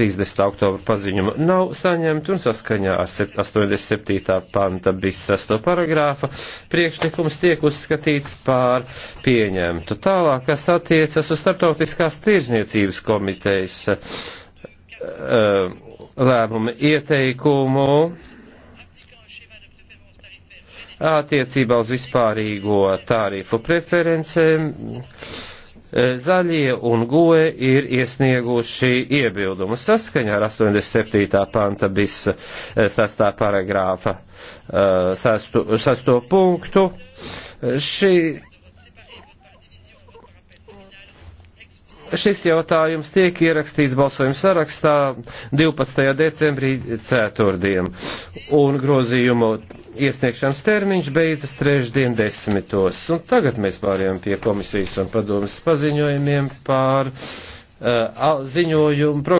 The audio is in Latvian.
30. oktobra paziņuma nav saņemta un saskaņā ar 87. panta bis 6. paragrāfa priekšlikums tiek uzskatīts par pieņemtu. Tālāk, kas attiecas uz starptautiskās tirzniecības komitejas eh, lēmuma ieteikumu attiecībā uz vispārīgo tārifu preferencēm Eh, zaļie un goe ir iesnieguši iebildumus saskaņā ar 87. panta bis 6. Eh, paragrāfa 6. Eh, 6. punktu. Šī šis jautājums tiek ierakstīts balsojuma sarakstā 12. decembrī ceturtdien, un grozījumu iesniegšanas termiņš beidzas trešdien desmitos. Un tagad mēs pārējām pie komisijas un padomas paziņojumiem pār uh, eh, ziņojumu.